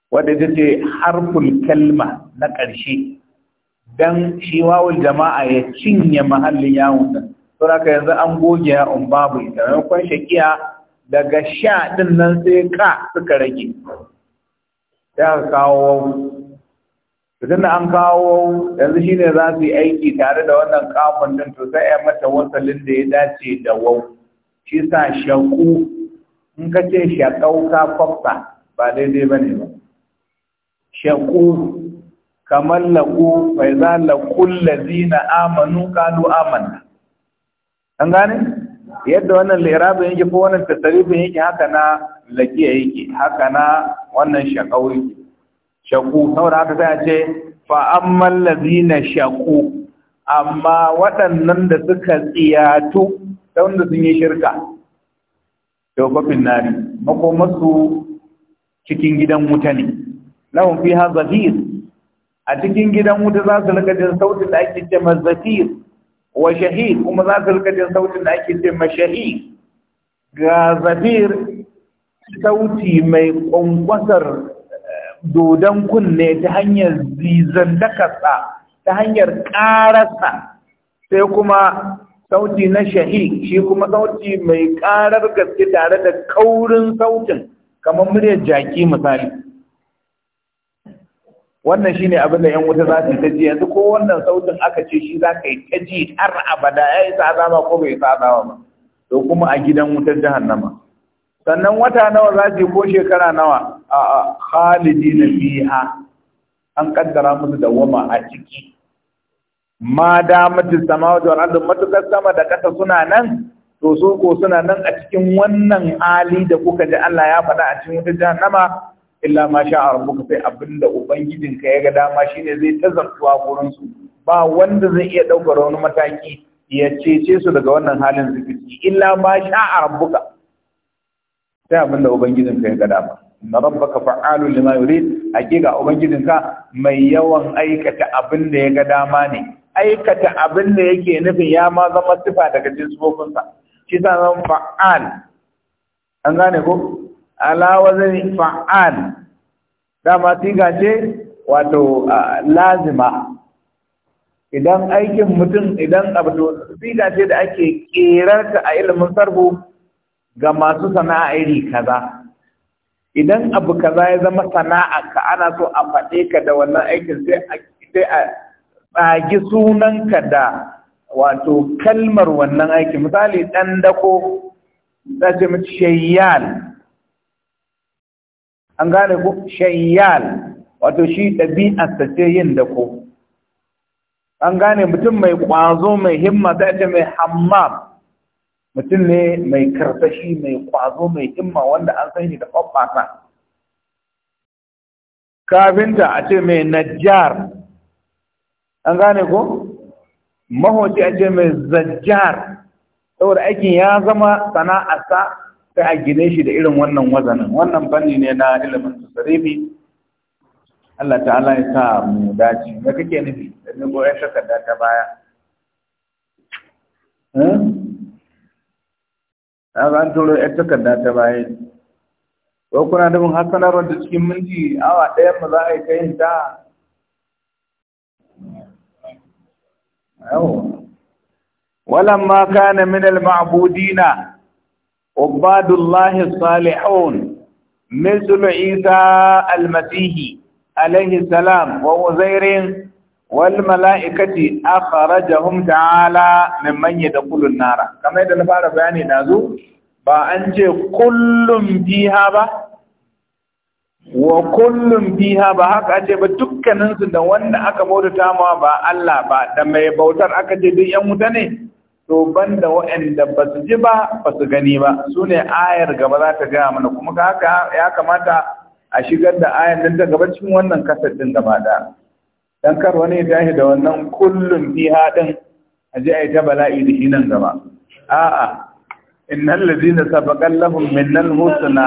wanda ita harful kalma na ƙarshe dan shi wawul jama'a ya cinye mahallin yawon din haka yanzu an goge ya'un babu ita maimakon shakiya daga sha din nan sai ka suka rage ta kawo tunda an kawo yanzu shine za su yi aiki tare da wannan kafin ɗin to sai ya mata wasalin da ya dace da wau shi sa shaku in ka ce shakau ka kwafta ba daidai ba ne ba shaku kamar laƙu bai za laƙun na amanu kalu amanna an gane yadda wannan lirabin yake ko wannan tasarifin yake haka na laƙiya yake haka na wannan shakau yake shaku saboda haka sai a ce fa'amman na shaku amma waɗannan da suka tsiyatu ta wanda sun yi shirka da kofin nari makomarsu cikin gidan wuta ne lahun fi ha zafir a cikin gidan wuta za su rika jin sautin da ake ce ma wa shahid kuma za su rika jin sautin da ake ce ma ga zafir sauti mai kwankwasar eh, dodon kunne ta hanyar zizan ta hanyar karasa, sai kuma sauti na shahi shi kuma sauti mai karar gaske tare da kaurin sautin kamar muryar jaki misali wannan shine abin da yan wuta za su ta ji yanzu ko wannan sautin aka ce shi za ka yi ta ji har abada ya isa ma ko bai isa azaba ba to kuma a gidan wutar jahannama sannan wata nawa za su ko shekara nawa a khalidi na biya. an kaddara musu da wama a ciki ma sama samawati wal ardu matukar sama da kasa suna nan to su ko suna nan a cikin wannan hali da kuka ji Allah ya faɗa a cikin wata jahannama illa ma sha rabbuka sai abinda ubangijinka ya ga dama shine zai ta zartuwa gurin su ba wanda zai iya ɗaukar wani mataki ya cece su daga wannan halin zikirci illa ma sha rabbuka sai abinda ubangijinka ya ga dama na rabbaka fa'alu lima yurid hakika ubangijinka mai yawan aikata abinda ya ga dama ne aikata abin da yake nufin ya ma zama sifa daga cikin shi sa zan fa'al an gane ko ala wazani fa'al dama siga ce wato lazima idan aikin mutum idan abu siga ce da ake kerarta a ilimin sarbu ga masu sana'a iri kaza idan abu kaza ya zama sana'a ka ana so a faɗe ka da wannan aikin sai a tsagi sunanka da wato kalmar wannan aiki misali ɗan dako ɗajim shayyal an gane ku shayyal wato shi ɗabi'arsa ce yin dako an gane mutum mai ƙwazo mai himma za ce mai hammam mutum ne mai karsashi mai ƙwazo mai himma wanda an san shi da ƙwaɓɓata kafinta a ce mai najjar an gane ko mahoci a ce mai zajjar saboda aikin ya zama sana'arsa sai a gine shi da irin wannan wazanin wannan fanni ne na ilimin tsarifi Allah ta'ala ya sa mu dace me kake nufi da ya shaka takarda ta baya eh an turo yar takarda ta baya ko kuna da mun hasanar da cikin minti awa ɗaya mu za a yi ta yin ta ولما كان من المعبودين عباد الله الصالحون مثل عيسى المسيح عليه السلام ووزير والملائكة أخرجهم تعالى ممن يدخل النار كما يدل فارب يعني نازو بأنجي كل فيها بأنجي wa kullum fiha ba haka ce ba dukkaninsu da wanda aka bauta ma ba Allah ba da mai bautar aka ce duk yan wuta ne to banda waɗanda ba su ji ba ba su gani ba su ne ayar gaba za ta gaya mana kuma haka ya kamata a shigar da ayar nan ta gaba cikin wannan kasar din gaba da dan kar wani ya tashi da wannan kullum fiha din a je a ta bala'i da shi nan gaba a'a innal ladina sabaqallahum minnal husna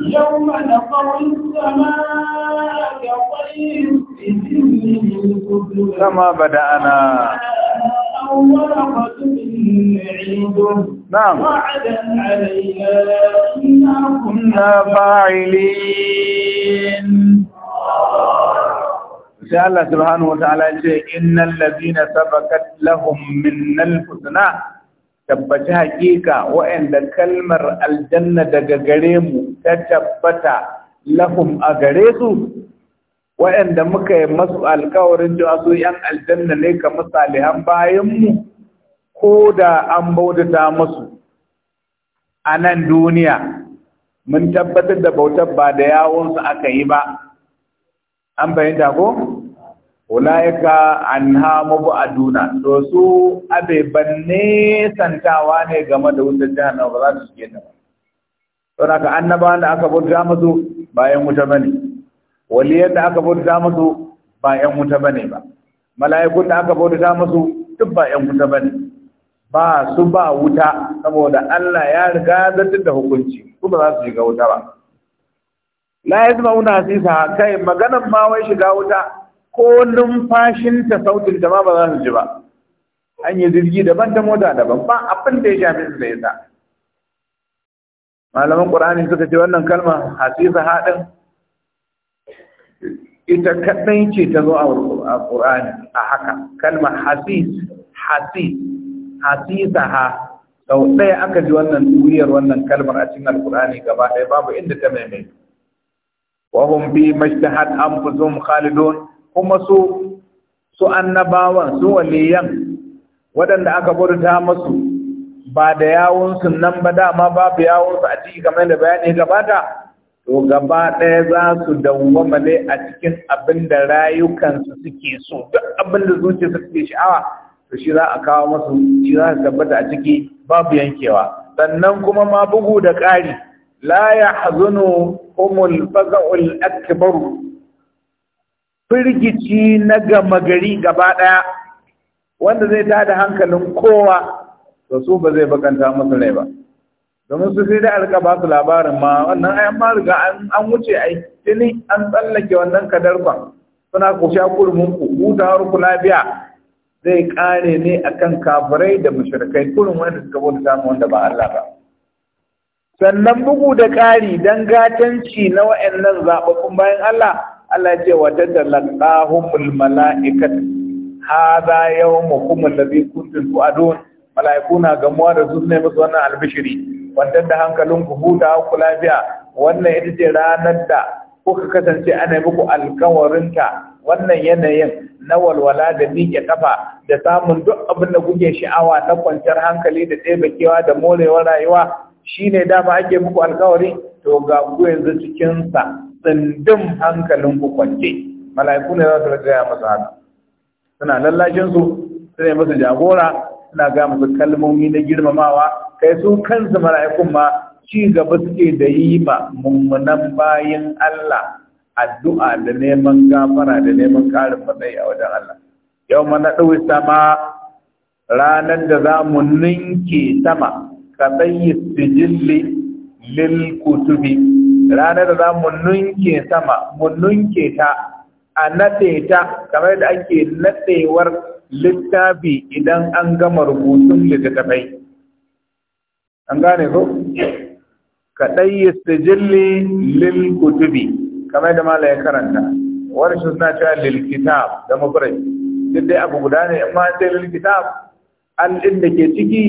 يوم نطوي السماء كطي كما بدأنا أول قدر نعم وعدا علينا إنا كنا فاعلين إن شاء الله سبحانه وتعالى إن الذين سبقت لهم من الحسنى tabbaci hakika, wa'anda kalmar aljanna daga gare mu ta tabbata lahum a gare su wa'anda muka yi masu alkawarin da su yan aljanna ne ka misalihan mu? ko da an bautata masu a nan duniya mun tabbatar da bautar ba da yawonsu aka yi ba an bayyanta ko ulaika anha mubaduna to su abe ne santawa ne game da wutar jahannama ba za su ke ta ba don haka annaba da aka bauta musu ba yan wuta bane waliyan da aka bauta musu ba yan wuta bane ba mala'iku da aka bauta musu duk ba yan wuta bane ba su ba wuta saboda Allah ya riga zartar da hukunci su ba za su shiga wuta ba la yazma'una sisa kai maganan ma wai shiga wuta ko numfashinta sautin ta ma ba za su ji ba an yi jirgi daban da mota daban ba abin da ya shafi su da yasa malaman ƙur'ani suka ce wannan kalma hasisa haɗin ita kaɗai ce ta zo a ƙur'ani a haka kalma hasis hasis hasisa ha sau ɗaya aka ji wannan duniyar wannan kalmar a cikin Alƙur'ani gaba ɗaya babu inda ta maimaita wahum fi mashtahat mu khalidun kuma su su annabawan su waliyan waɗanda aka burta masu ba da yawunsu nan ba dama babu yawunsu a ciki kamar da bayani gabata to gaba ɗaya za su dawwama ne a cikin abin da rayukansu suke so duk abin da zuciya suke sha'awa to shi za a kawo masu shi za su tabbata a ciki babu yankewa sannan kuma ma bugu da ƙari la ya hazunu humul faza'ul akbaru firgici na gama gari gaba ɗaya wanda zai tada hankalin kowa da su ba zai bakanta masu rai ba domin su sai da alka ba su labarin ma wannan ayan ma riga an wuce ai tuni an tsallake wannan ba suna ku sha kurmin ku har ku lafiya zai kare ne akan kafirai da mushrikai kurin wanda suka bauta mu wanda ba Allah ba sannan bugu da ƙari dan gatanci na wa'annan zaɓaɓɓun bayan Allah Allah ya ce wa tatalaqahumul da zai yawmukum su kuntum tu'adun malaiku na gamuwa da su musu wannan albishiri wanda da hankalin ku huta ku lafiya wannan ita ce ranar da kuka kasance ana muku alkawarinta wannan yanayin na walwala da miƙe kafa da samun duk abin da kuke sha'awa na kwanciyar hankali da taimakewa da morewar rayuwa shine dama ake muku alkawari to ga ku yanzu cikinsa tsindin hankalin ku kwance mala'iku ne za su rika masu masa haka suna lallashin su suna masa jagora suna ga masa kalmomi na girmamawa kai su kansu mala'ikun ma ci gaba suke da yi ma mummunan bayan Allah addu'a da neman gafara da neman karin matsayi a wajen Allah yau mana ɗauki sama ranar da za mu ninke sama ka tsayi sijilli lil kutubi ranar da za mu nunke sama mu nunke ta a natse ta kamar da ake natsewar littafi idan an gama rubutun littattafai an gane ko kadai yastajilli lil kutubi kamar da mala ya karanta wani shi suna cewa lil kitab da mafarai duk dai abu guda ne amma sai lil kitab an inda ke ciki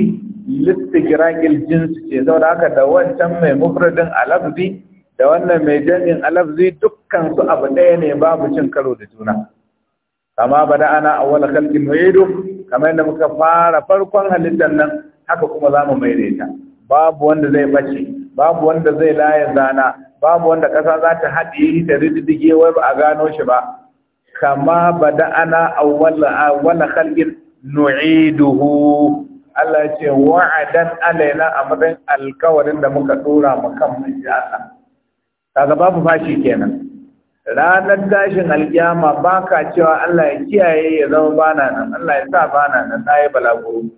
listigiragil jinsi ce saboda haka da wancan mai mufradin a lafzi da wannan mai jami'in alafzi dukkan su abu ɗaya ne babu cin karo da juna kama bada ana awwal halkin nu'idu kamar yadda muka fara farkon halittar nan haka kuma za zamu maidaita babu wanda zai bace babu wanda zai laye zana babu wanda ƙasa za ta haɗe ta riddige wai ba a gano shi ba kama bada ana awwal halkin nu'iduhu Allah ya ce wa'adan alaina a matsayin alkawarin da muka dora mu kan mun Allah kaga babu fashi kenan ranar gashin alkiyama ba ka cewa Allah ya kiyaye ya zama bana nan Allah ya sa bana nan na yi balaguro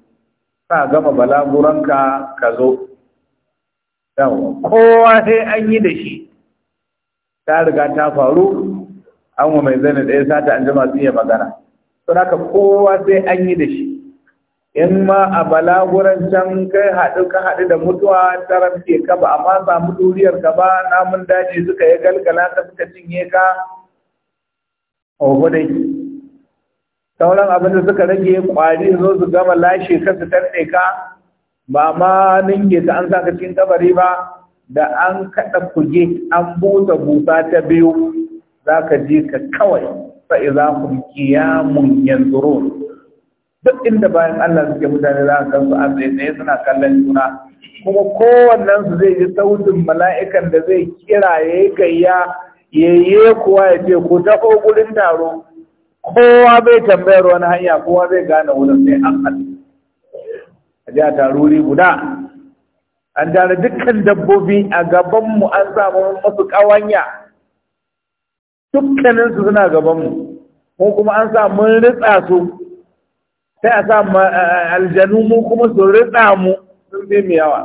ka gama balaguranka ka zo kowa sai an yi da shi ta riga ta faru an wa mai zane ɗaya sata an jima sun yi magana saboda kowa sai an yi da shi in ma a balaguran can kai haɗu ka haɗu da mutuwa ta ke ka ba amma samu duriyar ka ba namun daji suka yi galgala ta suka cinye ka ogo sauran abin da suka rage kwari zo su gama lashe ka su tarɗe ka ba ma ninke ta an saka cikin kabari ba da an kaɗa kuge an busa busa ta biyu za ka je ka kawai fa'iza kun kiyamun yanzu duk inda bayan Allah suke mutane za a kan su zai tsaye suna kallon juna kuma kowannen su zai ji sautin mala'ikan da zai kira ya yi gayya ya yi kuwa ya ce ku taho gurin taro kowa bai tambayar wani hanya kowa zai gane wurin sai an hannu a ji a taruri guda an tare dukkan dabbobi a gabanmu an samu masu ƙawanya dukkaninsu suna gabanmu ko kuma an sa mun ritsa su sai a sa aljanu mu kuma su rida mu sun fi mu yawa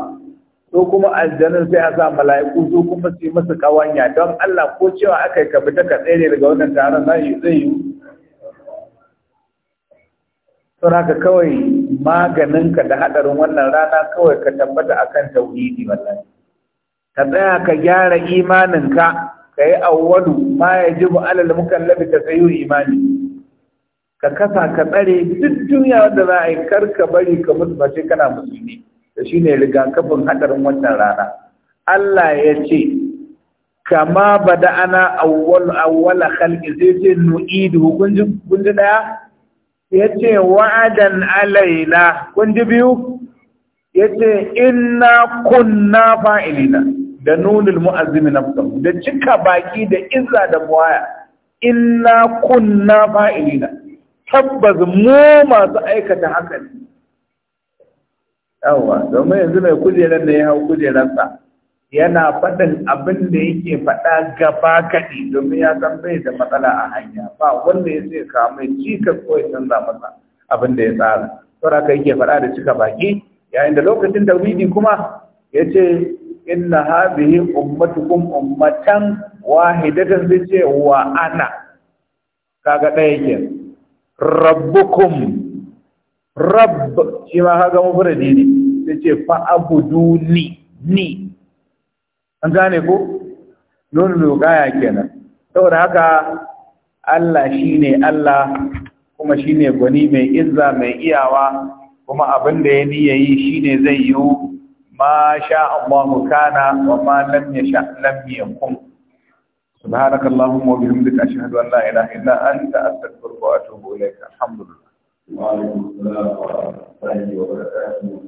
to kuma aljanun sai a sa mala'iku su kuma su yi masa kawanya don Allah ko cewa aka yi kabita ka tsere daga wannan taron na yi zai yi saboda kawai maganinka da hadarin wannan rana kawai ka tabbata akan tauhidi wallahi ka tsaya ka gyara imaninka ka yi awwalu ma yajibu alal mukallafi ta sayu imani ka kasa ka tsare duk duniya wadda za a yi kar ka bari ka mutu ba sai kana musulmi da shi ne rigakafin haɗarin wannan rana Allah ya ce kama bada ana awwal awwala khalqi zai ce nu'idu kunji daya ya ce wa'adan alaina kunji biyu ya ce inna kunna fa'ilina da nunul mu'azzimi nafsahu da cika baki da izza da buwaya inna kunna fa'ilina tabbas mu masu aikata haka ne yawwa domin yanzu mai kujerar da ya hau kujerarsa yana faɗin abin da yake faɗa gaba kaɗi domin ya san bai da matsala a hanya ba wanda ya ce ka mai cika ko ya canza masa abin da ya tsara saboda ka yake faɗa da cika baki yayin da lokacin da widi kuma ya ce inna hadhihi ummatukum ummatan wahidatan zai ce wa ana kaga ɗaya kenan rabbukum rabb shi ma ga mufradi ne sai ce abudu ni ni an gane ko nuna lugaya kenan saboda haka Allah shine Allah kuma shine gwani mai izza mai iyawa kuma abin da ya niyya yi shine zai yi ma sha Allah kana wa ma lam yasha lam yakun سبحانك اللهم وبحمدك أشهد أن لا إله إلا أنت أستغفرك وأتوب إليك الحمد لله وعليكم السلام ورحمة الله وبركاته